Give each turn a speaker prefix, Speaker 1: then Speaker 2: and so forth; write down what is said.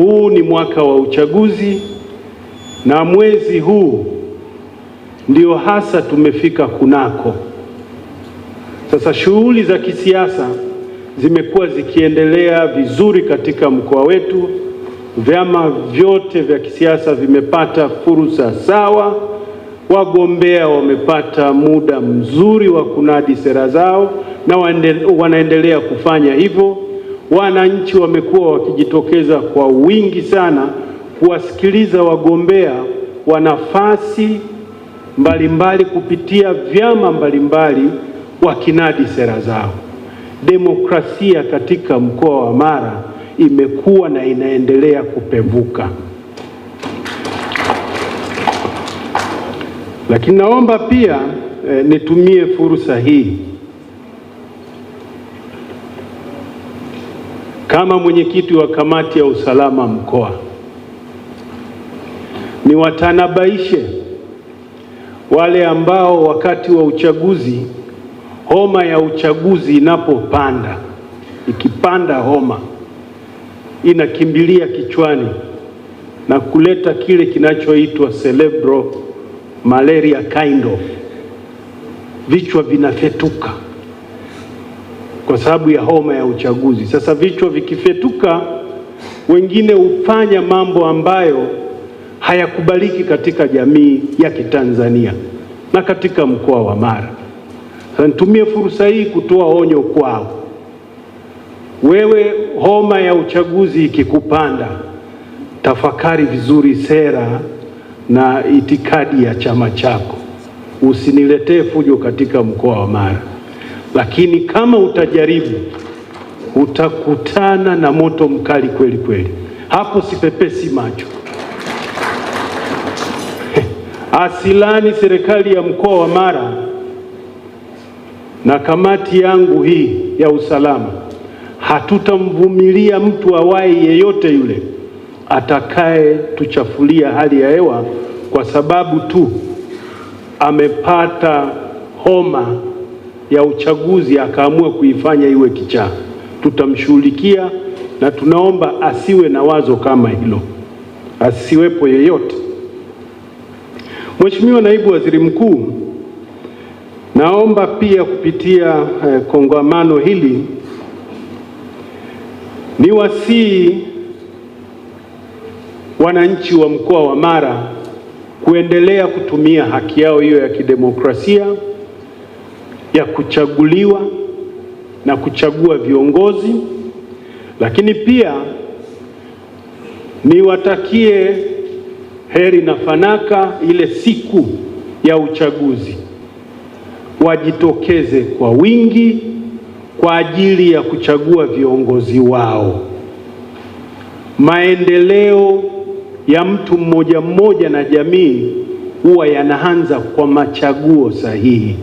Speaker 1: Huu ni mwaka wa uchaguzi na mwezi huu ndio hasa tumefika kunako. Sasa shughuli za kisiasa zimekuwa zikiendelea vizuri katika mkoa wetu. Vyama vyote vya kisiasa vimepata fursa sawa, wagombea wamepata muda mzuri wa kunadi sera zao na wanaendelea kufanya hivyo wananchi wamekuwa wakijitokeza kwa wingi sana kuwasikiliza wagombea wa nafasi mbalimbali kupitia vyama mbalimbali wakinadi sera zao. Demokrasia katika mkoa wa Mara imekuwa na inaendelea kupevuka. Lakini naomba pia eh, nitumie fursa hii Kama mwenyekiti wa kamati ya usalama mkoa, niwatanabaishe wale ambao wakati wa uchaguzi, homa ya uchaguzi inapopanda, ikipanda homa inakimbilia kichwani na kuleta kile kinachoitwa cerebral malaria kind of, vichwa vinafetuka kwa sababu ya homa ya uchaguzi. Sasa vichwa vikifyetuka, wengine hufanya mambo ambayo hayakubaliki katika jamii ya Kitanzania na katika mkoa wa Mara. Sasa nitumie fursa hii kutoa onyo kwao. Wewe, homa ya uchaguzi ikikupanda, tafakari vizuri sera na itikadi ya chama chako. Usiniletee fujo katika mkoa wa Mara lakini kama utajaribu utakutana na moto mkali kweli kweli. Hapo sipepesi macho. Asilani serikali ya mkoa wa Mara na kamati yangu hii ya usalama, hatutamvumilia mtu awaye yeyote yule atakayetuchafulia hali ya hewa kwa sababu tu amepata homa ya uchaguzi akaamua kuifanya iwe kichaa, tutamshughulikia na tunaomba asiwe na wazo kama hilo, asiwepo yeyote. Mheshimiwa Naibu Waziri Mkuu, naomba pia kupitia eh, kongamano hili ni wasii wananchi wa mkoa wa Mara kuendelea kutumia haki yao hiyo ya kidemokrasia ya kuchaguliwa na kuchagua viongozi, lakini pia niwatakie heri na fanaka ile siku ya uchaguzi. Wajitokeze kwa wingi kwa ajili ya kuchagua viongozi wao. Maendeleo ya mtu mmoja mmoja na jamii huwa yanaanza kwa machaguo sahihi.